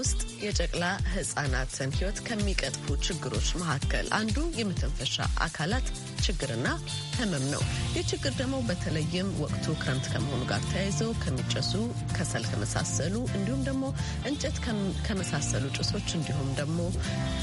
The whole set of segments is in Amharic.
host የጨቅላ ህጻናትን ህይወት ከሚቀጥፉ ችግሮች መካከል አንዱ የመተንፈሻ አካላት ችግርና ህመም ነው። ይህ ችግር ደግሞ በተለይም ወቅቱ ክረምት ከመሆኑ ጋር ተያይዘው ከሚጨሱ ከሰል ከመሳሰሉ እንዲሁም ደግሞ እንጨት ከመሳሰሉ ጭሶች እንዲሁም ደግሞ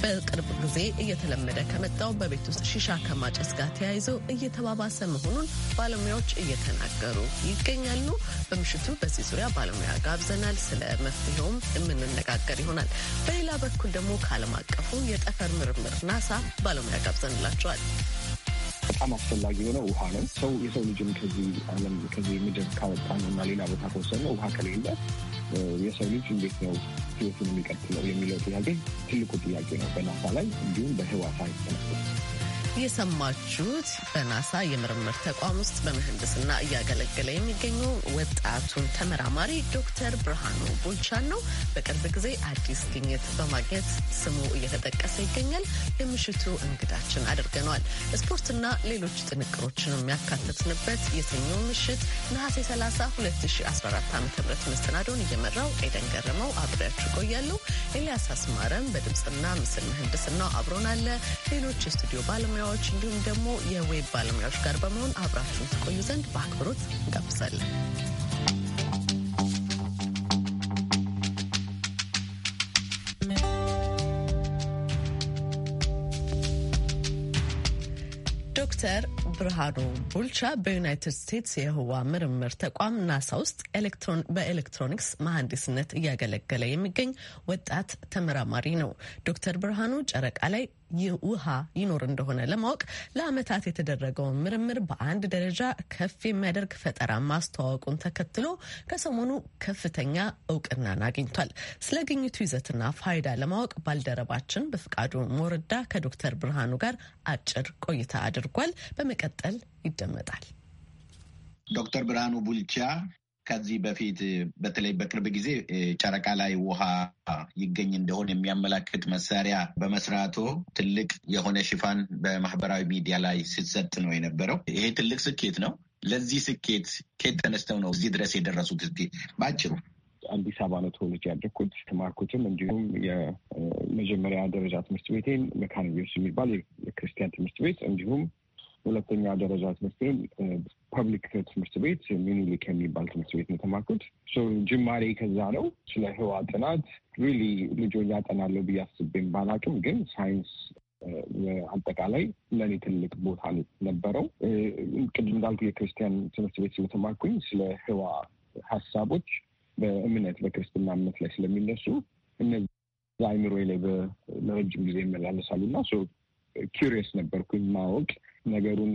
በቅርብ ጊዜ እየተለመደ ከመጣው በቤት ውስጥ ሺሻ ከማጨስ ጋር ተያይዘው እየተባባሰ መሆኑን ባለሙያዎች እየተናገሩ ይገኛሉ። በምሽቱ በዚህ ዙሪያ ባለሙያ ጋብዘናል። ስለ መፍትሄውም የምንነጋገር ይሆናል። ይሆናል። በሌላ በኩል ደግሞ ከዓለም አቀፉ የጠፈር ምርምር ናሳ ባለሙያ ጋብዘንላቸዋል። በጣም አስፈላጊ የሆነው ውሃ ነው። ሰው የሰው ልጅም ከዚህ ዓለም ከዚህ ምድር ካወጣ ነው እና ሌላ ቦታ ከወሰነ ውሃ ከሌለ የሰው ልጅ እንዴት ነው ህይወቱን የሚቀጥለው የሚለው ጥያቄ ትልቁ ጥያቄ ነው በናሳ ላይ እንዲሁም በህዋሳ ሳይንስ የሰማችሁት በናሳ የምርምር ተቋም ውስጥ በምህንድስና እያገለገለ የሚገኙ ወጣቱን ተመራማሪ ዶክተር ብርሃኑ ቦልቻን ነው። በቅርብ ጊዜ አዲስ ግኝት በማግኘት ስሙ እየተጠቀሰ ይገኛል። የምሽቱ እንግዳችን አድርገነዋል። ስፖርትና ሌሎች ጥንቅሮችን የሚያካተትንበት የሰኞ ምሽት ነሐሴ 30 2014 ዓ ም መሰናዶን እየመራው ኤደን ገረመው አብሬያችሁ ቆያለሁ። ኤልያስ አስማረም በድምፅና ምስል ምህንድስናው አለ ሌሎች የስቱዲዮ ባለሙያ ባለሙያዎች እንዲሁም ደግሞ የዌብ ባለሙያዎች ጋር በመሆን አብራችሁን ትቆዩ ዘንድ በአክብሮት እንጋብዛለን። ዶክተር ብርሃኑ ቡልቻ በዩናይትድ ስቴትስ የህዋ ምርምር ተቋም ናሳ ውስጥ በኤሌክትሮኒክስ መሐንዲስነት እያገለገለ የሚገኝ ወጣት ተመራማሪ ነው። ዶክተር ብርሃኑ ጨረቃ ላይ ይህ ውሃ ይኖር እንደሆነ ለማወቅ ለአመታት የተደረገውን ምርምር በአንድ ደረጃ ከፍ የሚያደርግ ፈጠራ ማስተዋወቁን ተከትሎ ከሰሞኑ ከፍተኛ እውቅናን አግኝቷል። ስለ ግኝቱ ይዘትና ፋይዳ ለማወቅ ባልደረባችን በፍቃዱ ሞርዳ ከዶክተር ብርሃኑ ጋር አጭር ቆይታ አድርጓል። በመቀጠል ይደመጣል። ዶክተር ብርሃኑ ቡልቻ ከዚህ በፊት በተለይ በቅርብ ጊዜ ጨረቃ ላይ ውሃ ይገኝ እንደሆነ የሚያመላክት መሳሪያ በመስራቱ ትልቅ የሆነ ሽፋን በማህበራዊ ሚዲያ ላይ ሲሰጥ ነው የነበረው። ይሄ ትልቅ ስኬት ነው። ለዚህ ስኬት ከየት ተነስተው ነው እዚህ ድረስ የደረሱት? እስኪ በአጭሩ አዲስ አበባ ነው ተወልጄ ያደግኩት። ተማርኩትም እንዲሁም የመጀመሪያ ደረጃ ትምህርት ቤቴን መካነ ኢየሱስ የሚባል የክርስቲያን ትምህርት ቤት እንዲሁም ሁለተኛ ደረጃ ትምህርቴን ፐብሊክ ትምህርት ቤት ሚኒሊክ የሚባል ትምህርት ቤት ነው የተማርኩት። ጅማሬ ከዛ ነው። ስለ ህዋ ጥናት ሪሊ ልጆች ያጠናለው ብዬ አስቤም ባላቅም ግን ሳይንስ አጠቃላይ ለእኔ ትልቅ ቦታ ነበረው። ቅድም እንዳልኩ የክርስቲያን ትምህርት ቤት ስለተማርኩኝ ስለ ህዋ ሀሳቦች በእምነት በክርስትና እምነት ላይ ስለሚነሱ እነዚህ አይምሮ ላይ ለረጅም ጊዜ ይመላለሳሉ እና ኪሪየስ ነበርኩኝ ማወቅ ነገሩን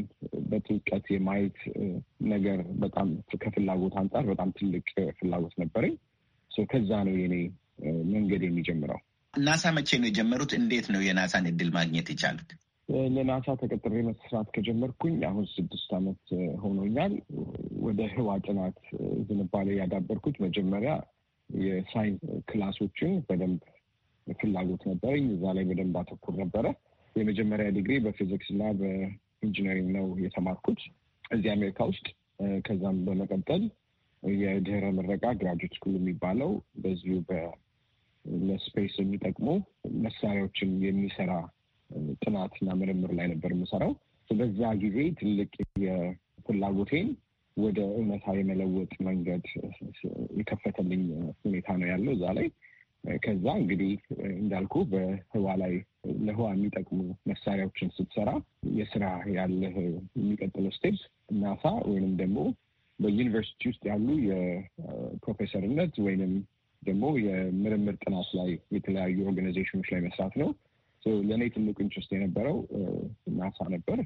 በጥልቀት የማየት ነገር በጣም ከፍላጎት አንጻር በጣም ትልቅ ፍላጎት ነበረኝ። ከዛ ነው የኔ መንገድ የሚጀምረው። ናሳ መቼ ነው የጀመሩት? እንዴት ነው የናሳን እድል ማግኘት የቻሉት? ለናሳ ተቀጥሬ መስራት ከጀመርኩኝ አሁን ስድስት ዓመት ሆኖኛል። ወደ ህዋ ጥናት ዝንባሌ ያዳበርኩት መጀመሪያ የሳይንስ ክላሶችን በደንብ ፍላጎት ነበረኝ። እዛ ላይ በደንብ አተኩር ነበረ። የመጀመሪያ ዲግሪ በፊዚክስ እና ኢንጂነሪንግ ነው የተማርኩት እዚህ አሜሪካ ውስጥ። ከዛም በመቀጠል የድህረ ምረቃ ግራጁዌት ስኩል የሚባለው በዚሁ ለስፔስ የሚጠቅሙ መሳሪያዎችን የሚሰራ ጥናትና ምርምር ላይ ነበር የምሰራው። በዛ ጊዜ ትልቅ የፍላጎቴን ወደ እውነታ የመለወጥ መንገድ የከፈተልኝ ሁኔታ ነው ያለው እዛ ላይ ከዛ እንግዲህ እንዳልኩ በህዋ ላይ ለህዋ የሚጠቅሙ መሳሪያዎችን ስትሰራ የስራ ያለህ የሚቀጥለው ስቴፕስ ናሳ ወይንም ደግሞ በዩኒቨርሲቲ ውስጥ ያሉ የፕሮፌሰርነት ወይንም ደግሞ የምርምር ጥናት ላይ የተለያዩ ኦርጋናይዜሽኖች ላይ መስራት ነው። ለእኔ ትልቅ ኢንትረስት የነበረው ናሳ ነበር።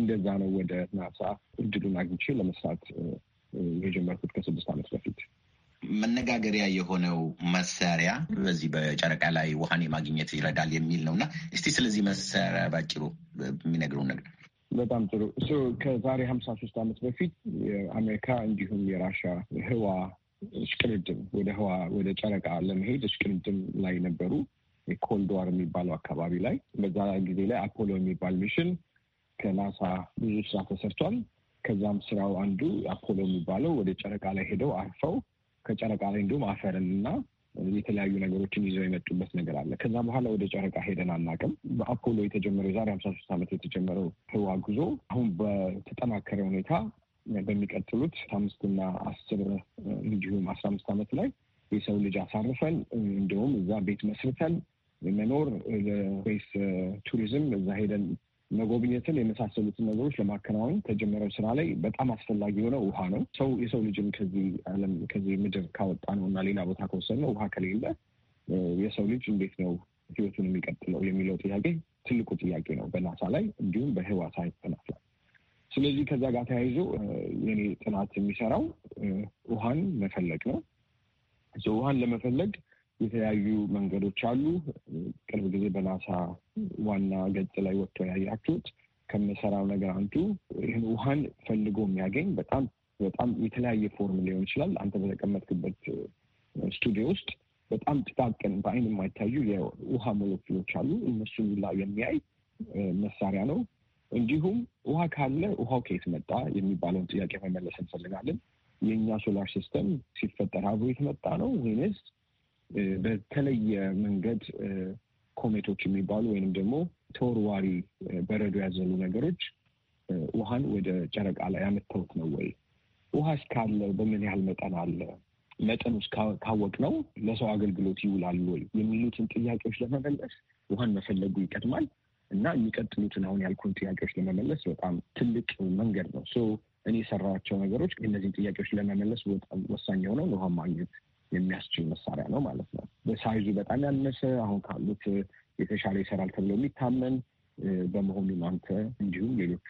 እንደዛ ነው ወደ ናሳ እድሉን አግኝቼ ለመስራት የጀመርኩት ከስድስት ዓመት በፊት። መነጋገሪያ የሆነው መሳሪያ በዚህ በጨረቃ ላይ ውሃን የማግኘት ይረዳል የሚል ነው እና እስቲ ስለዚህ መሳሪያ ባጭሩ የሚነግሩን ነገር በጣም ጥሩ እሱ ከዛሬ ሀምሳ ሶስት ዓመት በፊት የአሜሪካ እንዲሁም የራሻ ህዋ እሽቅድድም ወደ ህዋ ወደ ጨረቃ ለመሄድ እሽቅድድም ላይ ነበሩ የኮልድዋር የሚባለው አካባቢ ላይ በዛ ጊዜ ላይ አፖሎ የሚባል ሚሽን ከናሳ ብዙ ስራ ተሰርቷል። ከዛም ስራው አንዱ አፖሎ የሚባለው ወደ ጨረቃ ላይ ሄደው አርፈው ከጨረቃ ላይ እንዲሁም አፈርን እና የተለያዩ ነገሮችን ይዘው የመጡበት ነገር አለ። ከዛ በኋላ ወደ ጨረቃ ሄደን አናውቅም። በአፖሎ የተጀመረው የዛሬ ሀምሳ ሶስት ዓመት የተጀመረው ህዋ ጉዞ አሁን በተጠናከረ ሁኔታ በሚቀጥሉት አምስትና አስር እንዲሁም አስራ አምስት ዓመት ላይ የሰው ልጅ አሳርፈን እንዲሁም እዛ ቤት መስርተን መኖር ስፔስ ቱሪዝም እዛ ሄደን መጎብኘትን የመሳሰሉትን ነገሮች ለማከናወን ተጀመረው ስራ ላይ በጣም አስፈላጊ የሆነ ውሃ ነው። ሰው የሰው ልጅም ከዚህ ዓለም ከዚህ ምድር ካወጣ ነው እና ሌላ ቦታ ከወሰድ ነው ውሃ ከሌለ የሰው ልጅ እንዴት ነው ህይወቱን የሚቀጥለው የሚለው ጥያቄ ትልቁ ጥያቄ ነው በናሳ ላይ እንዲሁም በህዋ ሳይንስ ጥናት ላይ። ስለዚህ ከዛ ጋር ተያይዞ የኔ ጥናት የሚሰራው ውሃን መፈለግ ነው። ውሃን ለመፈለግ የተለያዩ መንገዶች አሉ። ቅርብ ጊዜ በናሳ ዋና ገጽ ላይ ወጥቶ ያያችሁት ከምሰራው ነገር አንዱ ይህን ውሃን ፈልጎ የሚያገኝ በጣም በጣም የተለያየ ፎርም ሊሆን ይችላል። አንተ በተቀመጥክበት ስቱዲዮ ውስጥ በጣም ጥቃቅን በአይን የማይታዩ የውሃ ሞለኪሎች አሉ። እነሱን ሁላ የሚያይ መሳሪያ ነው። እንዲሁም ውሃ ካለ ውሃው ከየት መጣ የሚባለውን ጥያቄ መመለስ እንፈልጋለን። የእኛ ሶላር ሲስተም ሲፈጠር አብሮ የተመጣ ነው ወይንስ በተለየ መንገድ ኮሜቶች የሚባሉ ወይንም ደግሞ ተወርዋሪ በረዶ ያዘሉ ነገሮች ውሃን ወደ ጨረቃ ላይ ያመተውት ነው ወይ? ውሃ እስካለ በምን ያህል መጠን አለ? መጠኑ ካወቅ ነው ለሰው አገልግሎት ይውላል ወይ የሚሉትን ጥያቄዎች ለመመለስ ውሃን መፈለጉ ይቀድማል እና የሚቀጥሉትን አሁን ያልኩን ጥያቄዎች ለመመለስ በጣም ትልቅ መንገድ ነው። እኔ የሰራቸው ነገሮች እነዚህን ጥያቄዎች ለመመለስ በጣም ወሳኝ የሆነውን ውሃ ማግኘት የሚያስችል መሳሪያ ነው ማለት ነው። በሳይዙ በጣም ያነሰ አሁን ካሉት የተሻለ ይሰራል ተብሎ የሚታመን በመሆኑ አንተ እንዲሁም ሌሎቹ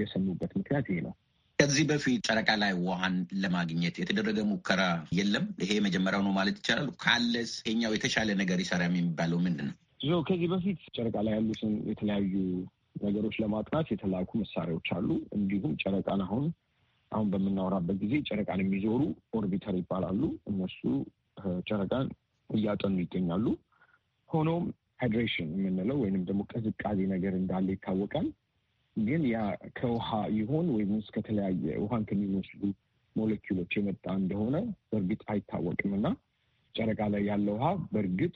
የሰሙበት ምክንያት ይሄ ነው። ከዚህ በፊት ጨረቃ ላይ ውሃን ለማግኘት የተደረገ ሙከራ የለም። ይሄ መጀመሪያው ነው ማለት ይቻላል። ካለስ ይሄኛው የተሻለ ነገር ይሰራም የሚባለው ምንድን ነው? ከዚህ በፊት ጨረቃ ላይ ያሉትን የተለያዩ ነገሮች ለማጥናት የተላኩ መሳሪያዎች አሉ። እንዲሁም ጨረቃን አሁን አሁን በምናወራበት ጊዜ ጨረቃን የሚዞሩ ኦርቢተር ይባላሉ። እነሱ ጨረቃን እያጠኑ ይገኛሉ። ሆኖም ሃይድሬሽን የምንለው ወይንም ደግሞ ቅዝቃዜ ነገር እንዳለ ይታወቃል። ግን ያ ከውሃ ይሆን ወይም ከተለያየ ውሃን ከሚመስሉ ሞለኪውሎች የመጣ እንደሆነ በእርግጥ አይታወቅም እና ጨረቃ ላይ ያለ ውሃ በእርግጥ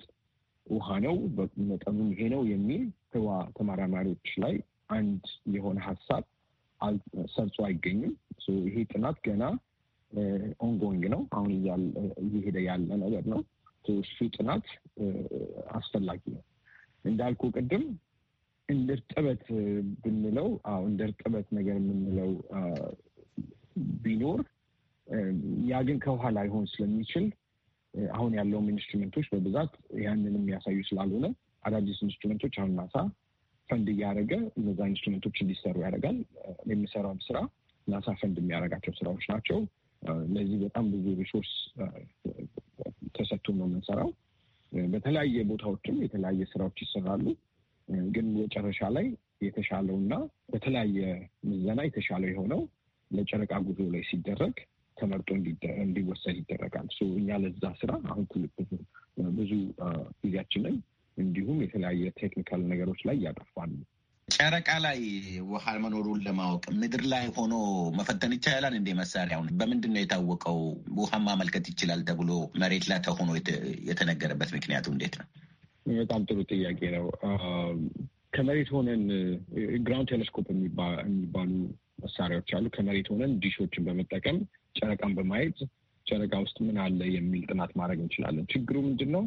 ውሃ ነው፣ መጠኑም ይሄ ነው የሚል ህዋ ተመራማሪዎች ላይ አንድ የሆነ ሀሳብ ሰርጾ አይገኝም። ይሄ ጥናት ገና ኦንጎንግ ነው። አሁን እየሄደ ያለ ነገር ነው። እሱ ጥናት አስፈላጊ ነው። እንዳልኩ ቅድም እንደ እርጥበት ብንለው እንደ እርጥበት ነገር የምንለው ቢኖር ያ ግን ከውሃ ላይሆን ስለሚችል አሁን ያለውም ኢንስትሩመንቶች በብዛት ያንን የሚያሳዩ ስላልሆነ አዳዲስ ኢንስትሩመንቶች አሁን ናሳ ፈንድ እያደረገ እነዛ ኢንስትሩመንቶች እንዲሰሩ ያደርጋል። የሚሰራውን ስራ ናሳ ፈንድ የሚያደርጋቸው ስራዎች ናቸው። ለዚህ በጣም ብዙ ሪሶርስ ተሰጥቶ ነው የምንሰራው። በተለያየ ቦታዎችም የተለያየ ስራዎች ይሰራሉ። ግን መጨረሻ ላይ የተሻለውና በተለያየ ምዘና የተሻለው የሆነው ለጨረቃ ጉዞ ላይ ሲደረግ ተመርጦ እንዲወሰድ ይደረጋል። እኛ ለዛ ስራ አሁን ትልቅ ብዙ ጊዜያችንን እንዲሁም የተለያየ ቴክኒካል ነገሮች ላይ ያጠፋሉ። ጨረቃ ላይ ውሃ መኖሩን ለማወቅ ምድር ላይ ሆኖ መፈተን ይቻላል እንዴ? መሳሪያውን በምንድን ነው የታወቀው? ውሃ ማመልከት ይችላል ተብሎ መሬት ላይ ተሆኖ የተነገረበት ምክንያቱ እንዴት ነው? በጣም ጥሩ ጥያቄ ነው። ከመሬት ሆነን ግራውንድ ቴሌስኮፕ የሚባሉ መሳሪያዎች አሉ። ከመሬት ሆነን ዲሾችን በመጠቀም ጨረቃን በማየት ጨረቃ ውስጥ ምን አለ የሚል ጥናት ማድረግ እንችላለን። ችግሩ ምንድን ነው?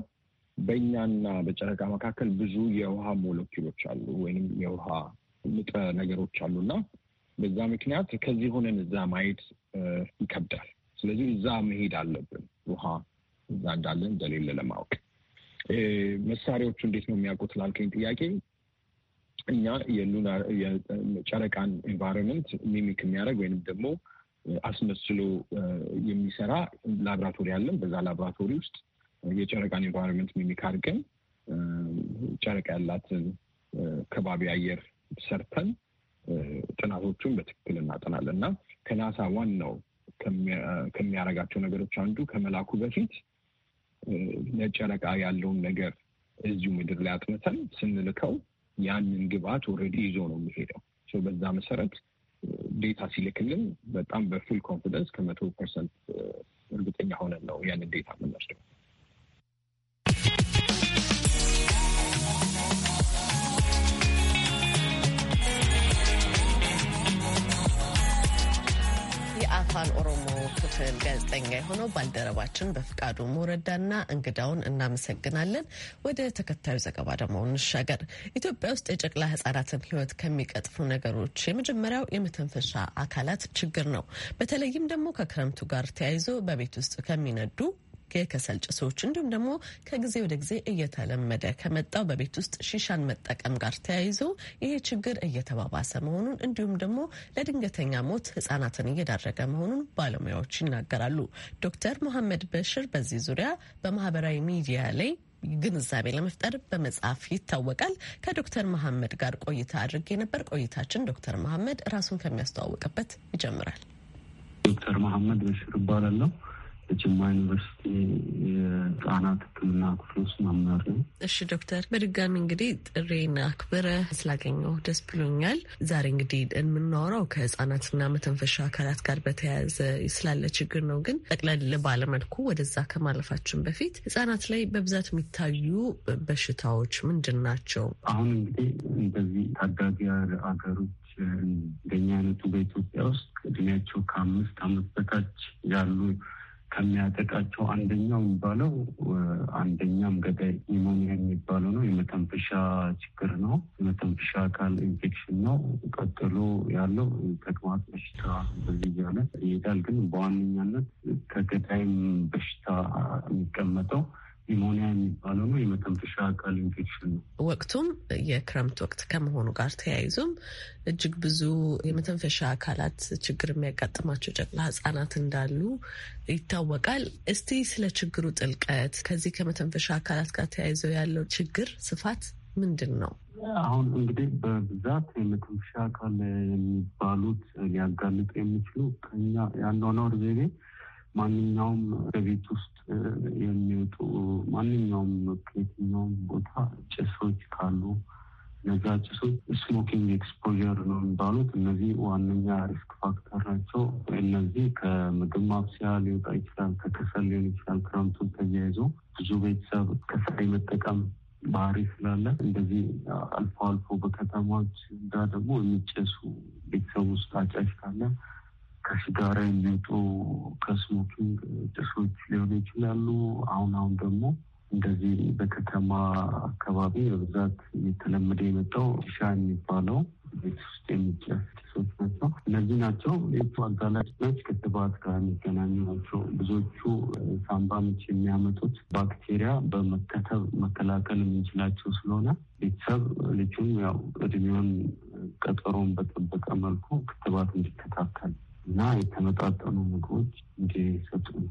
በእኛና በጨረቃ መካከል ብዙ የውሃ ሞለኪሎች አሉ ወይም የውሃ ንጥረ ነገሮች አሉ አሉና በዛ ምክንያት ከዚህ ሆነን እዛ ማየት ይከብዳል። ስለዚህ እዛ መሄድ አለብን፣ ውሃ እዛ እንዳለ እንደሌለ ለማወቅ። መሳሪያዎቹ እንዴት ነው የሚያውቁት ላልከኝ ጥያቄ እኛ የሉናር የጨረቃን ኤንቫይሮንመንት ሚሚክ የሚያደርግ ወይንም ደግሞ አስመስሎ የሚሰራ ላብራቶሪ አለን። በዛ ላብራቶሪ ውስጥ የጨረቃን ኢንቫይሮንመንት ሚሚክ አድርገን ጨረቃ ያላትን ከባቢ አየር ሰርተን ጥናቶቹን በትክክል እናጠናለን እና ከናሳ ዋናው ከሚያደርጋቸው ነገሮች አንዱ ከመላኩ በፊት ለጨረቃ ያለውን ነገር እዚሁ ምድር ላይ አጥንተን ስንልከው ያንን ግብአት ኦልሬዲ ይዞ ነው የሚሄደው። በዛ መሰረት ዴታ ሲልክልን በጣም በፉል ኮንፊደንስ ከመቶ ፐርሰንት እርግጠኛ ሆነን ነው ያንን ዴታ የምንወስደው። የአፋን ኦሮሞ ክፍል ጋዜጠኛ የሆነው ባልደረባችን በፍቃዱ ሞረዳና እንግዳውን እናመሰግናለን። ወደ ተከታዩ ዘገባ ደግሞ እንሻገር። ኢትዮጵያ ውስጥ የጨቅላ ህጻናትን ህይወት ከሚቀጥፉ ነገሮች የመጀመሪያው የመተንፈሻ አካላት ችግር ነው። በተለይም ደግሞ ከክረምቱ ጋር ተያይዞ በቤት ውስጥ ከሚነዱ ከከሰል ጭሶች እንዲሁም ደግሞ ከጊዜ ወደ ጊዜ እየተለመደ ከመጣው በቤት ውስጥ ሺሻን መጠቀም ጋር ተያይዞ ይሄ ችግር እየተባባሰ መሆኑን እንዲሁም ደግሞ ለድንገተኛ ሞት ህጻናትን እየዳረገ መሆኑን ባለሙያዎች ይናገራሉ። ዶክተር መሐመድ በሽር በዚህ ዙሪያ በማህበራዊ ሚዲያ ላይ ግንዛቤ ለመፍጠር በመጽሐፍ ይታወቃል። ከዶክተር መሐመድ ጋር ቆይታ አድርጌ ነበር። ቆይታችን ዶክተር መሐመድ ራሱን ከሚያስተዋውቅበት ይጀምራል። ዶክተር መሐመድ በሽር እባላለሁ። በጅማ ዩኒቨርሲቲ የህጻናት ሕክምና ክፍል ውስጥ መምህር ነው። እሺ ዶክተር፣ በድጋሚ እንግዲህ ጥሬን አክብረ ስላገኘው ደስ ብሎኛል። ዛሬ እንግዲህ የምናወራው ከህጻናትና መተንፈሻ አካላት ጋር በተያያዘ ስላለ ችግር ነው። ግን ጠቅለል ባለመልኩ ወደዛ ከማለፋችን በፊት ህጻናት ላይ በብዛት የሚታዩ በሽታዎች ምንድን ናቸው? አሁን እንግዲህ እንደዚህ ታዳጊ አገሮች እንደኛ አይነቱ በኢትዮጵያ ውስጥ እድሜያቸው ከአምስት አመት በታች ያሉ ከሚያጠቃቸው አንደኛው የሚባለው አንደኛም ገዳይ ኒሞኒያ የሚባለው ነው። የመተንፈሻ ችግር ነው። የመተንፈሻ አካል ኢንፌክሽን ነው። ቀጥሎ ያለው ተቅማጥ በሽታ በዚህ እያለ ይሄዳል። ግን በዋነኛነት ከገዳይም በሽታ የሚቀመጠው ኒሞኒያ የሚባለው ነው የመተንፈሻ አካል ኢንፌክሽን ነው። ወቅቱም የክረምት ወቅት ከመሆኑ ጋር ተያይዞም እጅግ ብዙ የመተንፈሻ አካላት ችግር የሚያጋጥማቸው ጨቅላ ህጻናት እንዳሉ ይታወቃል። እስቲ ስለ ችግሩ ጥልቀት ከዚህ ከመተንፈሻ አካላት ጋር ተያይዘው ያለው ችግር ስፋት ምንድን ነው? አሁን እንግዲህ በብዛት የመተንፈሻ አካል የሚባሉት ሊያጋልጡ የሚችሉ ከኛ ያኗኗር ዘይቤ ማንኛውም በቤት ውስጥ የሚወጡ ማንኛውም ከየትኛውም ቦታ ጭሶች ካሉ እነዚያ ጭሶች ስሞኪንግ ኤክስፖዠር ነው የሚባሉት። እነዚህ ዋነኛ ሪስክ ፋክተር ናቸው። እነዚህ ከምግብ ማብሰያ ሊወጣ ይችላል፣ ከከሰል ሊሆን ይችላል። ክረምቱን ተያይዞ ብዙ ቤተሰብ ከሰል የመጠቀም ባህሪ ስላለ እንደዚህ አልፎ አልፎ በከተማዎች ጋር ደግሞ የሚጨሱ ቤተሰብ ውስጥ አጫሽ ካለ ከሲጋራ የሚወጡ ከስሞኪንግ ጭሶች ሊሆኑ ይችላሉ። አሁን አሁን ደግሞ እንደዚህ በከተማ አካባቢ በብዛት የተለመደ የመጣው ሻ የሚባለው ቤት ውስጥ የሚጨስ ጭሶች ናቸው። እነዚህ ናቸው ሌቱ አጋላጭ ናች። ክትባት ጋር የሚገናኙ ናቸው። ብዙዎቹ ሳምባ ምች የሚያመጡት ባክቴሪያ በመከተብ መከላከል የምንችላቸው ስለሆነ ቤተሰብ ልጁም ያው እድሜውን ቀጠሮን በጠበቀ መልኩ ክትባት እንዲከታተል እና የተመጣጠኑ ምግቦች እንዲሰጡ ነው።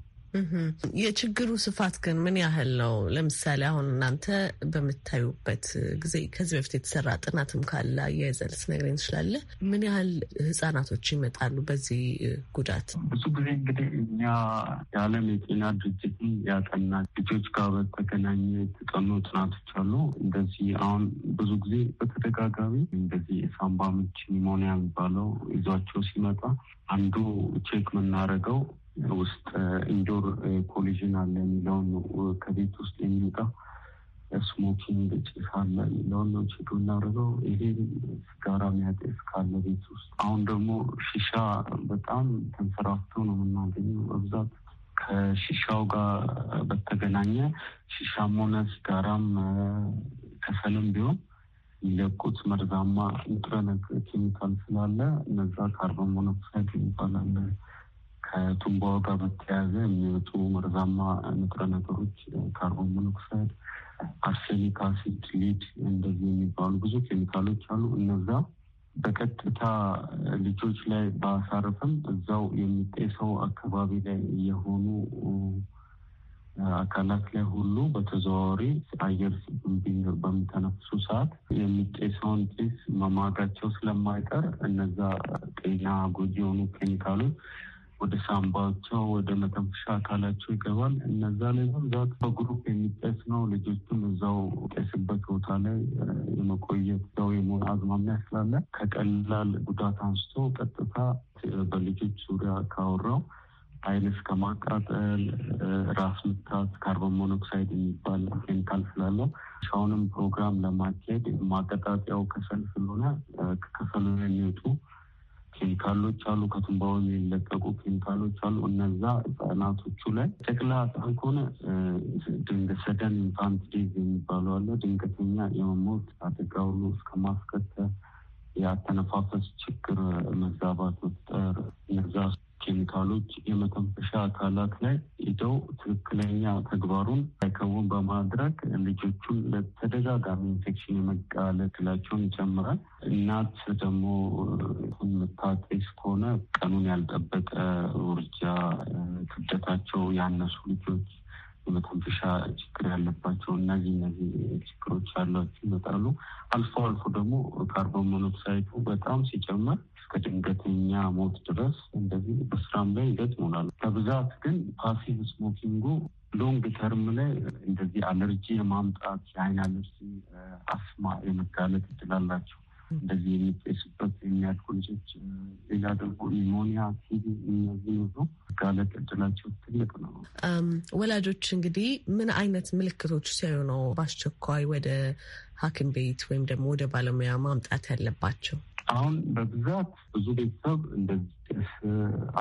የችግሩ ስፋት ግን ምን ያህል ነው? ለምሳሌ አሁን እናንተ በምታዩበት ጊዜ ከዚህ በፊት የተሰራ ጥናትም ካለ አያይዘህ ልትነግረኝ ትችላለህ? ምን ያህል ህጻናቶች ይመጣሉ በዚህ ጉዳት? ብዙ ጊዜ እንግዲህ እኛ የዓለም የጤና ድርጅትን ያጠና ልጆች ጋር በተገናኘ የተጠኑ ጥናቶች አሉ። እንደዚህ አሁን ብዙ ጊዜ በተደጋጋሚ እንደዚህ የሳምባ ምች ኒሞኒያ የሚባለው ይዟቸው ሲመጣ አንዱ ቼክ የምናደርገው ውስጥ ኢንዶር ኮሊዥን አለ የሚለውን ነው። ከቤት ውስጥ የሚወጣ ስሞኪንግ ጭስ አለ የሚለውን ነው ቼክ እናደርገው። ይሄን ሲጋራ የሚያጤስ ካለ ቤት ውስጥ አሁን ደግሞ ሺሻ በጣም ተንሰራፍቶ ነው የምናገኘው በብዛት ከሺሻው ጋር በተገናኘ ሺሻም ሆነ ሲጋራም ከሰልም ቢሆን የሚለቁት መርዛማ ንጥረ ነገር ኬሚካል ስላለ እነዛ ካርቦን ሞኖክሳይድ ይባላል ከቱንቧ ጋር በተያያዘ የሚወጡ መርዛማ ንጥረ ነገሮች ካርቦን ሞኖክሳይድ፣ አርሴኒክ አሲድ፣ ሊድ እንደዚህ የሚባሉ ብዙ ኬሚካሎች አሉ። እነዛ በቀጥታ ልጆች ላይ ባሳረፈም እዛው የሚጤሰው አካባቢ ላይ የሆኑ አካላት ላይ ሁሉ በተዘዋዋሪ አየር በሚተነፍሱ ሰዓት የሚጤሰውን ጤስ መማጋቸው ስለማይቀር እነዛ ጤና ጎጂ የሆኑ ኬሚካሎች ወደ ሳምባቸው ወደ መተንፈሻ አካላቸው ይገባል። እነዛ ላይ በብዛት በግሩፕ የሚጤስ ነው። ልጆቹም እዛው ጤስበት ቦታ ላይ የመቆየት ዛው የመሆን አዝማሚያ ስላለ ከቀላል ጉዳት አንስቶ ቀጥታ በልጆች ዙሪያ ካወራው አይን እስከ ማቃጠል፣ ራስ ምታት፣ ካርቦን ሞኖክሳይድ የሚባል ኬሚካል ስላለው ሻውንም ፕሮግራም ለማካሄድ ማቀጣጠያው ከሰል ስለሆነ ከሰሉ የሚወጡ ኬሚካሎች አሉ፣ ከትንባሆ የሚለቀቁ ኬሚካሎች አሉ። እነዛ ህጻናቶቹ ላይ ጨቅላ ህጻን ከሆነ ድንገት ሰደን ኢንፋንት ዴዝ የሚባሉ አለ። ድንገተኛ የመሞት አደጋ ሁሉ እስከ ማስከተል የአተነፋፈስ ችግር መዛባት መፍጠር እነዛ ኬሚካሎች የመተንፈሻ አካላት ላይ ሄደው ትክክለኛ ተግባሩን ሳይከውን በማድረግ ልጆቹን ለተደጋጋሚ ኢንፌክሽን የመጋለጥ ይጨምራል። እናት ደግሞ የምታጤስ ከሆነ ቀኑን ያልጠበቀ ውርጃ፣ ክብደታቸው ያነሱ ልጆች የመተንፈሻ ችግር ያለባቸው እነዚህ እነዚህ ችግሮች ያሏቸው ይመጣሉ። አልፎ አልፎ ደግሞ ካርቦን ሞኖክሳይዱ በጣም ሲጨምር እስከ ድንገተኛ ሞት ድረስ እንደዚህ በስራም ላይ ይገጥሙናል። በብዛት ግን ፓሲቭ ስሞኪንጉ ሎንግ ተርም ላይ እንደዚህ አለርጂ የማምጣት የአይን አለርጂ፣ አስማ የመጋለጥ እድል እንደዚህ የሚጤሱበት የሚያድጉ ልጆች፣ ሌላ ደግሞ ኒሞኒያ፣ ሲቪ እነዚህ ብዙ መጋለጥ እድላቸው ትልቅ ነው። ወላጆች እንግዲህ ምን አይነት ምልክቶች ሲያዩ ነው በአስቸኳይ ወደ ሐኪም ቤት ወይም ደግሞ ወደ ባለሙያ ማምጣት ያለባቸው? አሁን በብዛት ብዙ ቤተሰብ እንደዚህ ጤፍ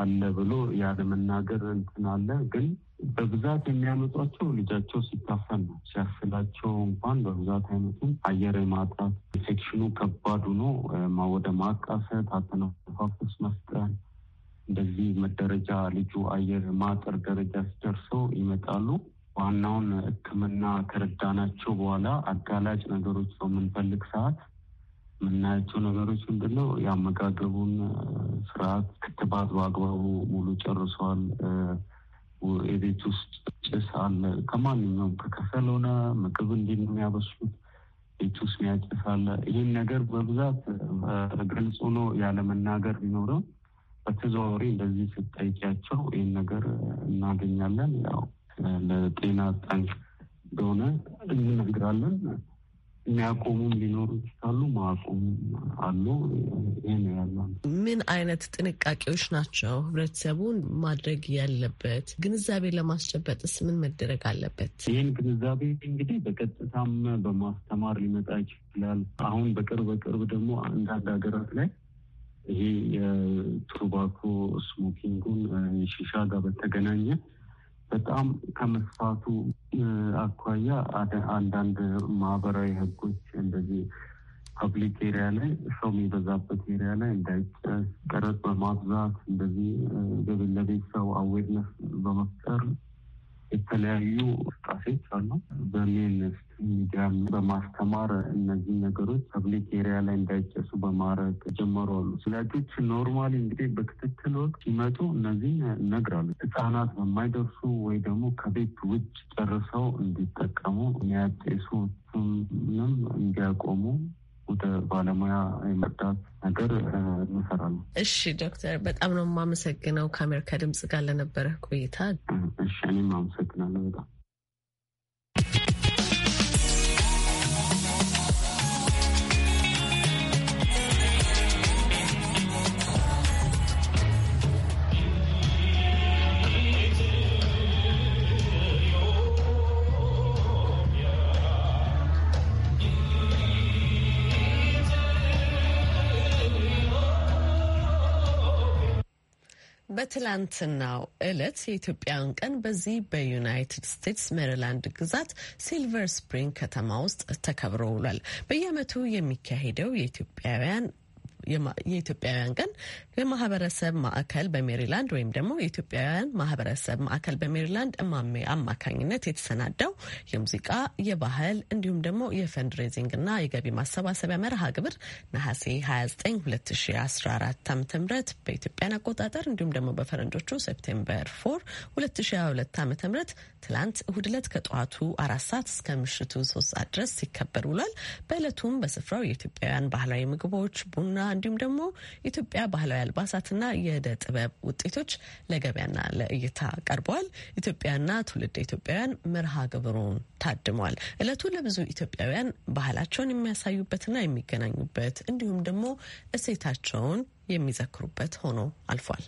አለ ብሎ ያለመናገር እንትን አለ ግን በብዛት የሚያመጧቸው ልጃቸው ሲታፈን ነው። ሲያስላቸው እንኳን በብዛት አይመጡም። አየር የማጥራት ኢንፌክሽኑ ከባድ ሆኖ ወደ ማቃሰት፣ አተነፋፈስ መፍጠን እንደዚህ መደረጃ ልጁ አየር ማጠር ደረጃ ሲደርሰው ይመጣሉ። ዋናውን ሕክምና ከረዳናቸው በኋላ አጋላጭ ነገሮች በምንፈልግ ሰዓት የምናያቸው ነገሮች ምንድን ነው? የአመጋገቡን ስርዓት፣ ክትባት በአግባቡ ሙሉ ጨርሰዋል። የቤት ውስጥ ጭስ አለ። ከማንኛውም ከከሰል ሆነ ምግብ እንዲህ ነው የሚያበስሉት። ቤት ውስጥ የሚያጭስ አለ። ይህን ነገር በብዛት ግልጽ ሆኖ ያለመናገር ቢኖርም በተዘዋሪ እንደዚህ ስጠይቂያቸው ይህን ነገር እናገኛለን፣ ያው ለጤና ጠንቅ እንደሆነ እንነግራለን። የሚያቆሙም ሊኖሩ ይችላሉ፣ ማቆሙ አሉ። ይህ ያለ። ምን አይነት ጥንቃቄዎች ናቸው ህብረተሰቡን ማድረግ ያለበት? ግንዛቤ ለማስጨበጥስ ምን መደረግ አለበት? ይህን ግንዛቤ እንግዲህ በቀጥታም በማስተማር ሊመጣ ይችላል። አሁን በቅርብ በቅርብ ደግሞ አንዳንድ ሀገራት ላይ ይሄ የቱባኮ ስሞኪንጉን ሺሻ ጋር በተገናኘ በጣም ከመስፋቱ አኳያ አንዳንድ ማህበራዊ ህጎች እንደዚህ ፐብሊክ ኤሪያ ላይ ሰው የሚበዛበት ኤሪያ ላይ እንዳይጨስ፣ ቀረጥ በማብዛት እንደዚህ ሰው አዌርነስ በመፍጠር የተለያዩ እንቅስቃሴዎች አሉ። በሜን ሚዲያም በማስተማር እነዚህ ነገሮች ፐብሊክ ኤሪያ ላይ እንዳይጨሱ በማድረግ ጀመሩ አሉ። ወላጆች ኖርማሊ እንግዲህ በክትትል ወቅት ሲመጡ እነዚህ እነግራለሁ። ህጻናት በማይደርሱ ወይ ደግሞ ከቤት ውጭ ጨርሰው እንዲጠቀሙ የሚያጤሱ ምንም እንዲያቆሙ ወደ ባለሙያ የመርዳት ነገር እንሰራለን። እሺ ዶክተር፣ በጣም ነው የማመሰግነው ከአሜሪካ ድምጽ ጋር ለነበረ ቆይታ። እሺ እኔም አመሰግናለሁ በጣም በትላንትናው ዕለት የኢትዮጵያን ቀን በዚህ በዩናይትድ ስቴትስ ሜሪላንድ ግዛት ሲልቨር ስፕሪንግ ከተማ ውስጥ ተከብሮ ውሏል። በየዓመቱ የሚካሄደው የኢትዮጵያውያን የኢትዮጵያውያን ቀን የማህበረሰብ ማዕከል በሜሪላንድ ወይም ደግሞ የኢትዮጵያውያን ማህበረሰብ ማዕከል በሜሪላንድ እማሜ አማካኝነት የተሰናዳው የሙዚቃ የባህል እንዲሁም ደግሞ የፈንድሬዚንግ እና የገቢ ማሰባሰቢያ መርሃ ግብር ነሐሴ 29 2014 ዓ ም በኢትዮጵያን አቆጣጠር እንዲሁም ደግሞ በፈረንጆቹ ሴፕቴምበር 4 2022 ዓ ም ትላንት እሁድ ዕለት ከጠዋቱ አራት ሰዓት እስከ ምሽቱ ሶስት ሰዓት ድረስ ሲከበር ውሏል። በዕለቱም በስፍራው የኢትዮጵያውያን ባህላዊ ምግቦች፣ ቡና እንዲሁም ደግሞ ኢትዮጵያ ባህላዊ አልባሳትና የእደ ጥበብ ውጤቶች ለገበያና ለእይታ ቀርበዋል። ኢትዮጵያና ትውልድ ኢትዮጵያውያን መርሃ ግብሩን ታድመዋል። እለቱ ለብዙ ኢትዮጵያውያን ባህላቸውን የሚያሳዩበትና የሚገናኙበት እንዲሁም ደግሞ እሴታቸውን የሚዘክሩበት ሆኖ አልፏል።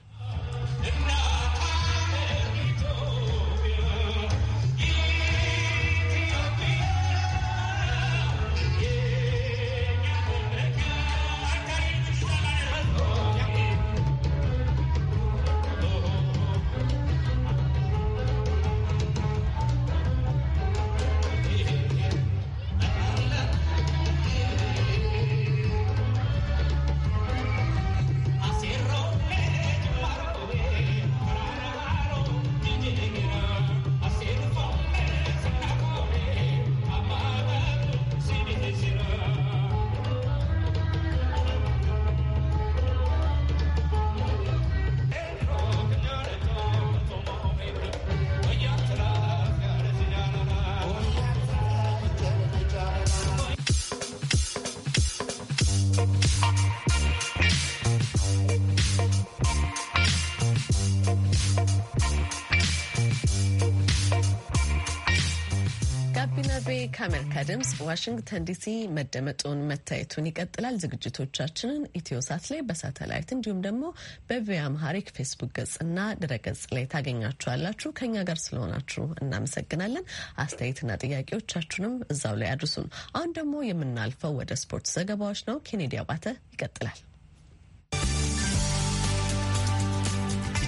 ከአሜሪካ ድምጽ ዋሽንግተን ዲሲ መደመጡን መታየቱን ይቀጥላል። ዝግጅቶቻችንን ኢትዮሳት ላይ በሳተላይት እንዲሁም ደግሞ በቪኦኤ አምሃሪክ ፌስቡክ ገጽና ድረ ገጽ ላይ ታገኛችኋላችሁ። ከኛ ጋር ስለሆናችሁ እናመሰግናለን። አስተያየትና ጥያቄዎቻችሁንም እዛው ላይ አድርሱን። አሁን ደግሞ የምናልፈው ወደ ስፖርት ዘገባዎች ነው። ኬኔዲ አባተ ይቀጥላል።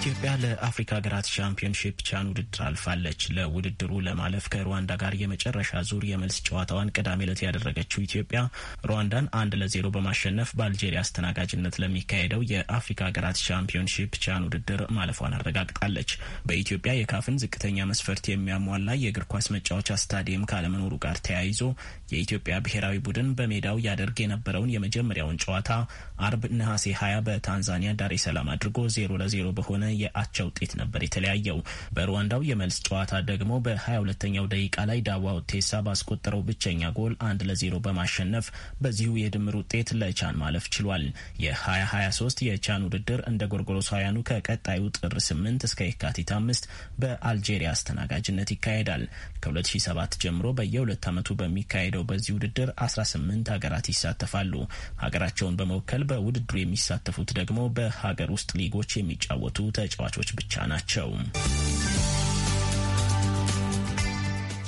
ኢትዮጵያ ለአፍሪካ ሀገራት ሻምፒዮንሺፕ ቻን ውድድር አልፋለች። ለውድድሩ ለማለፍ ከሩዋንዳ ጋር የመጨረሻ ዙር የመልስ ጨዋታዋን ቅዳሜ ዕለት ያደረገችው ኢትዮጵያ ሩዋንዳን አንድ ለዜሮ በማሸነፍ በአልጄሪያ አስተናጋጅነት ለሚካሄደው የአፍሪካ ሀገራት ሻምፒዮንሺፕ ቻን ውድድር ማለፏን አረጋግጣለች። በኢትዮጵያ የካፍን ዝቅተኛ መስፈርት የሚያሟላ የእግር ኳስ መጫወቻ ስታዲየም ካለመኖሩ ጋር ተያይዞ የኢትዮጵያ ብሔራዊ ቡድን በሜዳው ያደርግ የነበረውን የመጀመሪያውን ጨዋታ አርብ ነሐሴ 20 በታንዛኒያ ዳሬ ሰላም አድርጎ ዜሮ ለዜሮ በሆነ የአቻ ውጤት ነበር የተለያየው። በሩዋንዳው የመልስ ጨዋታ ደግሞ በ22ኛው ደቂቃ ላይ ዳዋ ውቴሳ ባስቆጠረው ብቸኛ ጎል አንድ ለዜሮ በማሸነፍ በዚሁ የድምር ውጤት ለቻን ማለፍ ችሏል። የ2023 የቻን ውድድር እንደ ጎርጎሮሳውያኑ ከቀጣዩ ጥር 8 እስከ የካቲት 5 በአልጄሪያ አስተናጋጅነት ይካሄዳል። ከ2007 ጀምሮ በየሁለት ዓመቱ በሚካሄደው በሚካሄደው በዚህ ውድድር 18 ሀገራት ይሳተፋሉ። ሀገራቸውን በመወከል በውድድሩ የሚሳተፉት ደግሞ በሀገር ውስጥ ሊጎች የሚጫወቱ ተጫዋቾች ብቻ ናቸው።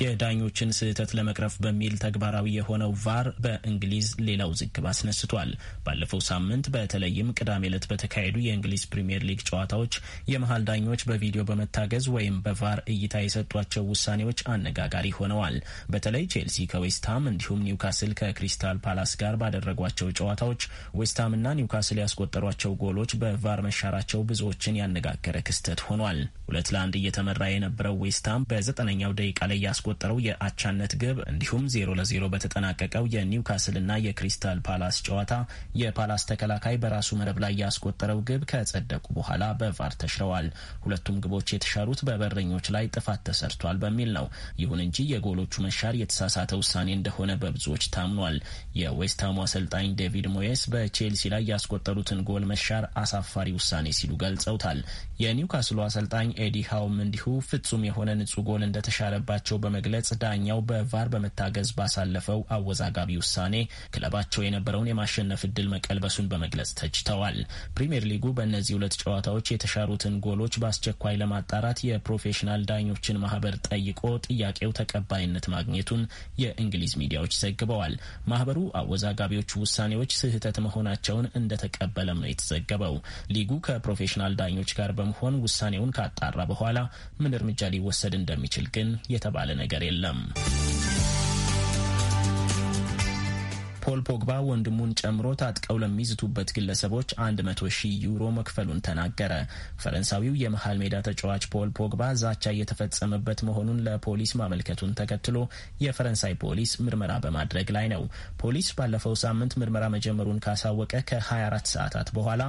የዳኞችን ስህተት ለመቅረፍ በሚል ተግባራዊ የሆነው ቫር በእንግሊዝ ሌላው ዝግብ አስነስቷል። ባለፈው ሳምንት በተለይም ቅዳሜ ዕለት በተካሄዱ የእንግሊዝ ፕሪምየር ሊግ ጨዋታዎች የመሀል ዳኞች በቪዲዮ በመታገዝ ወይም በቫር እይታ የሰጧቸው ውሳኔዎች አነጋጋሪ ሆነዋል። በተለይ ቼልሲ ከዌስትሃም እንዲሁም ኒውካስል ከክሪስታል ፓላስ ጋር ባደረጓቸው ጨዋታዎች ዌስትሃምና ኒውካስል ያስቆጠሯቸው ጎሎች በቫር መሻራቸው ብዙዎችን ያነጋገረ ክስተት ሆኗል። ሁለት ለአንድ እየተመራ የነበረው ዌስትሃም በዘጠነኛው ደቂቃ ላይ ያስ ባስቆጠረው የአቻነት ግብ እንዲሁም ዜሮ ለዜሮ በተጠናቀቀው የኒውካስልና የክሪስታል ፓላስ ጨዋታ የፓላስ ተከላካይ በራሱ መረብ ላይ ያስቆጠረው ግብ ከጸደቁ በኋላ በቫር ተሽረዋል። ሁለቱም ግቦች የተሻሩት በበረኞች ላይ ጥፋት ተሰርቷል በሚል ነው። ይሁን እንጂ የጎሎቹ መሻር የተሳሳተ ውሳኔ እንደሆነ በብዙዎች ታምኗል። የዌስትሃሙ አሰልጣኝ ዴቪድ ሞየስ በቼልሲ ላይ ያስቆጠሩትን ጎል መሻር አሳፋሪ ውሳኔ ሲሉ ገልጸውታል። የኒውካስሉ አሰልጣኝ ኤዲ ሃውም እንዲሁ ፍጹም የሆነ ንጹህ ጎል እንደተሻረባቸው በመግለጽ ዳኛው በቫር በመታገዝ ባሳለፈው አወዛጋቢ ውሳኔ ክለባቸው የነበረውን የማሸነፍ እድል መቀልበሱን በመግለጽ ተችተዋል። ፕሪምየር ሊጉ በእነዚህ ሁለት ጨዋታዎች የተሻሩትን ጎሎች በአስቸኳይ ለማጣራት የፕሮፌሽናል ዳኞችን ማህበር ጠይቆ ጥያቄው ተቀባይነት ማግኘቱን የእንግሊዝ ሚዲያዎች ዘግበዋል። ማህበሩ አወዛጋቢዎቹ ውሳኔዎች ስህተት መሆናቸውን እንደተቀበለም ነው የተዘገበው። ሊጉ ከፕሮፌሽናል ዳኞች ጋር በመሆን ውሳኔውን ካጣራ በኋላ ምን እርምጃ ሊወሰድ እንደሚችል ግን የተባለ ነገር የለም። ፖል ፖግባ ወንድሙን ጨምሮ ታጥቀው ለሚዝቱበት ግለሰቦች 100 ሺህ ዩሮ መክፈሉን ተናገረ። ፈረንሳዊው የመሃል ሜዳ ተጫዋች ፖል ፖግባ ዛቻ እየተፈጸመበት መሆኑን ለፖሊስ ማመልከቱን ተከትሎ የፈረንሳይ ፖሊስ ምርመራ በማድረግ ላይ ነው። ፖሊስ ባለፈው ሳምንት ምርመራ መጀመሩን ካሳወቀ ከ24 ሰዓታት በኋላ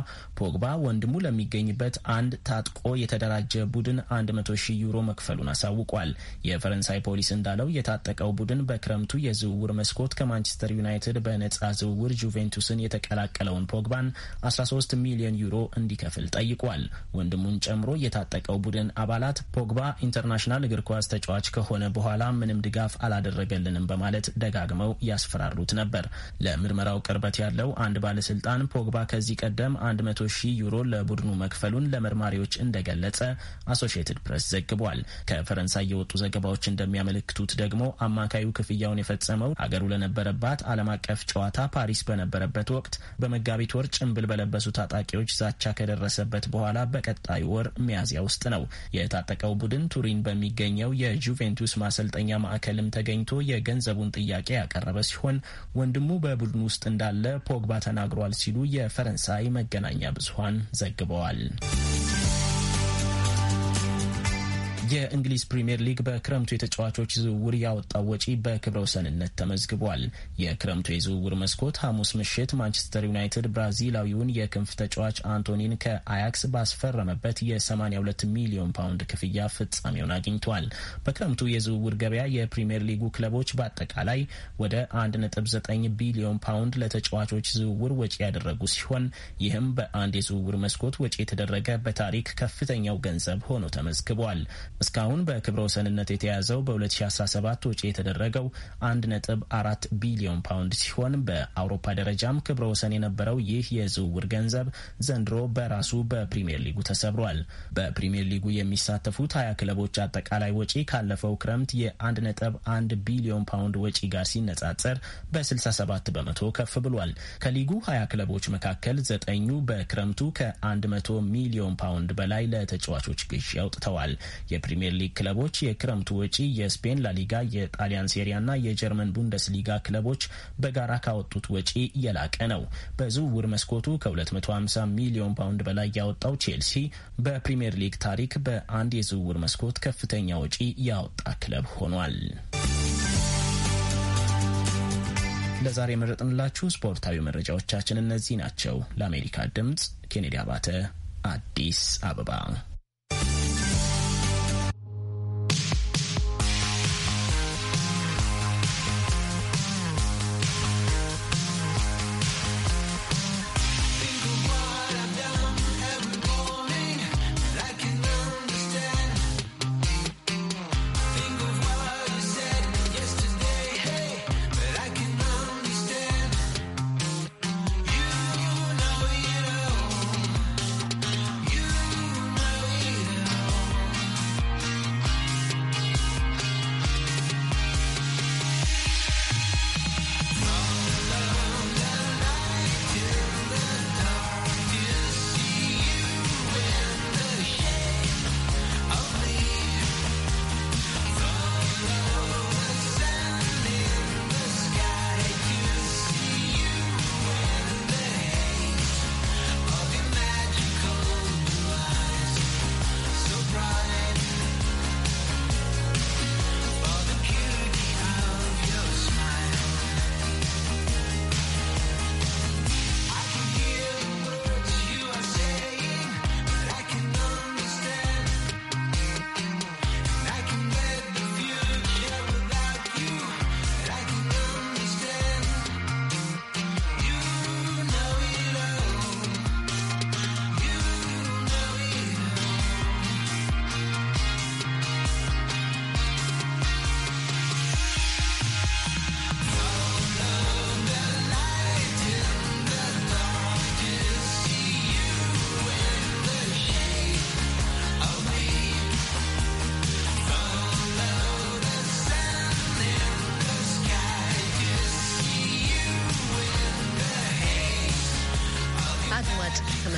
ፖግባ ወንድሙ ለሚገኝበት አንድ ታጥቆ የተደራጀ ቡድን 100 ሺህ ዩሮ መክፈሉን አሳውቋል። የፈረንሳይ ፖሊስ እንዳለው የታጠቀው ቡድን በክረምቱ የዝውውር መስኮት ከማንቸስተር ዩናይትድ በነጻ ዝውውር ጁቬንቱስን የተቀላቀለውን ፖግባን 13 ሚሊዮን ዩሮ እንዲከፍል ጠይቋል። ወንድሙን ጨምሮ የታጠቀው ቡድን አባላት ፖግባ ኢንተርናሽናል እግር ኳስ ተጫዋች ከሆነ በኋላ ምንም ድጋፍ አላደረገልንም በማለት ደጋግመው ያስፈራሩት ነበር። ለምርመራው ቅርበት ያለው አንድ ባለስልጣን ፖግባ ከዚህ ቀደም 100 ሺህ ዩሮ ለቡድኑ መክፈሉን ለመርማሪዎች እንደገለጸ አሶሺየትድ ፕሬስ ዘግቧል። ከፈረንሳይ የወጡ ዘገባዎች እንደሚያመለክቱት ደግሞ አማካዩ ክፍያውን የፈጸመው ሀገሩ ለነበረባት ዓለም አቀፍ አቀፍ ጨዋታ ፓሪስ በነበረበት ወቅት በመጋቢት ወር ጭንብል በለበሱ ታጣቂዎች ዛቻ ከደረሰበት በኋላ በቀጣዩ ወር ሚያዝያ ውስጥ ነው። የታጠቀው ቡድን ቱሪን በሚገኘው የጁቬንቱስ ማሰልጠኛ ማዕከልም ተገኝቶ የገንዘቡን ጥያቄ ያቀረበ ሲሆን ወንድሙ በቡድን ውስጥ እንዳለ ፖግባ ተናግሯል ሲሉ የፈረንሳይ መገናኛ ብዙኃን ዘግበዋል። የእንግሊዝ ፕሪምየር ሊግ በክረምቱ የተጫዋቾች ዝውውር ያወጣው ወጪ በክብረ ወሰንነት ተመዝግቧል። የክረምቱ የዝውውር መስኮት ሐሙስ ምሽት ማንቸስተር ዩናይትድ ብራዚላዊውን የክንፍ ተጫዋች አንቶኒን ከአያክስ ባስፈረመበት የ82 ሚሊዮን ፓውንድ ክፍያ ፍጻሜውን አግኝቷል። በክረምቱ የዝውውር ገበያ የፕሪምየር ሊጉ ክለቦች በአጠቃላይ ወደ 1.9 ቢሊዮን ፓውንድ ለተጫዋቾች ዝውውር ወጪ ያደረጉ ሲሆን ይህም በአንድ የዝውውር መስኮት ወጪ የተደረገ በታሪክ ከፍተኛው ገንዘብ ሆኖ ተመዝግቧል። እስካሁን በክብረ ወሰንነት የተያዘው በ2017 ወጪ የተደረገው 1.4 ቢሊዮን ፓውንድ ሲሆን በአውሮፓ ደረጃም ክብረ ወሰን የነበረው ይህ የዝውውር ገንዘብ ዘንድሮ በራሱ በፕሪምየር ሊጉ ተሰብሯል። በፕሪምየር ሊጉ የሚሳተፉት ሀያ ክለቦች አጠቃላይ ወጪ ካለፈው ክረምት የ1.1 ቢሊዮን ፓውንድ ወጪ ጋር ሲነጻጸር በ67 በመቶ ከፍ ብሏል። ከሊጉ ሀያ ክለቦች መካከል ዘጠኙ በክረምቱ ከ100 ሚሊዮን ፓውንድ በላይ ለተጫዋቾች ግዢ አውጥተዋል። የፕሪምየር ሊግ ክለቦች የክረምቱ ወጪ የስፔን ላሊጋ፣ የጣሊያን ሴሪያና የጀርመን ቡንደስሊጋ ክለቦች በጋራ ካወጡት ወጪ የላቀ ነው። በዝውውር መስኮቱ ከ250 ሚሊዮን ፓውንድ በላይ ያወጣው ቼልሲ በፕሪምየር ሊግ ታሪክ በአንድ የዝውውር መስኮት ከፍተኛ ወጪ ያወጣ ክለብ ሆኗል። ለዛሬ የመረጥንላችሁ ስፖርታዊ መረጃዎቻችን እነዚህ ናቸው። ለአሜሪካ ድምፅ ኬኔዲ አባተ አዲስ አበባ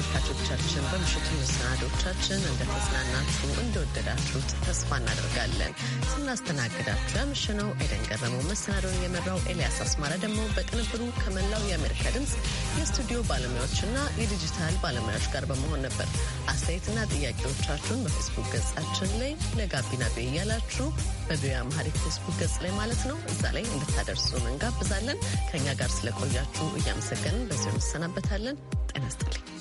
ተመልካቾቻችን በምሽቱ መሰናዶቻችን እንደተዝናናችሁ እንደወደዳችሁት ተስፋ እናደርጋለን። ስናስተናግዳችሁ ያምሽነው ኤደን ገረመው፣ መሰናዶን የመራው ኤልያስ አስማረ ደግሞ በቅንብሩ ከመላው የአሜሪካ ድምፅ የስቱዲዮ ባለሙያዎችና የዲጂታል ባለሙያዎች ጋር በመሆን ነበር። አስተያየትና ጥያቄዎቻችሁን በፌስቡክ ገጻችን ላይ ለጋቢና ቤ እያላችሁ በቪኦኤ አማርኛ ፌስቡክ ገጽ ላይ ማለት ነው እዛ ላይ እንድታደርሱን እንጋብዛለን። ከእኛ ጋር ስለቆያችሁ እያመሰገንን በዚሁ እንሰናበታለን። ጤና ይስጥልኝ።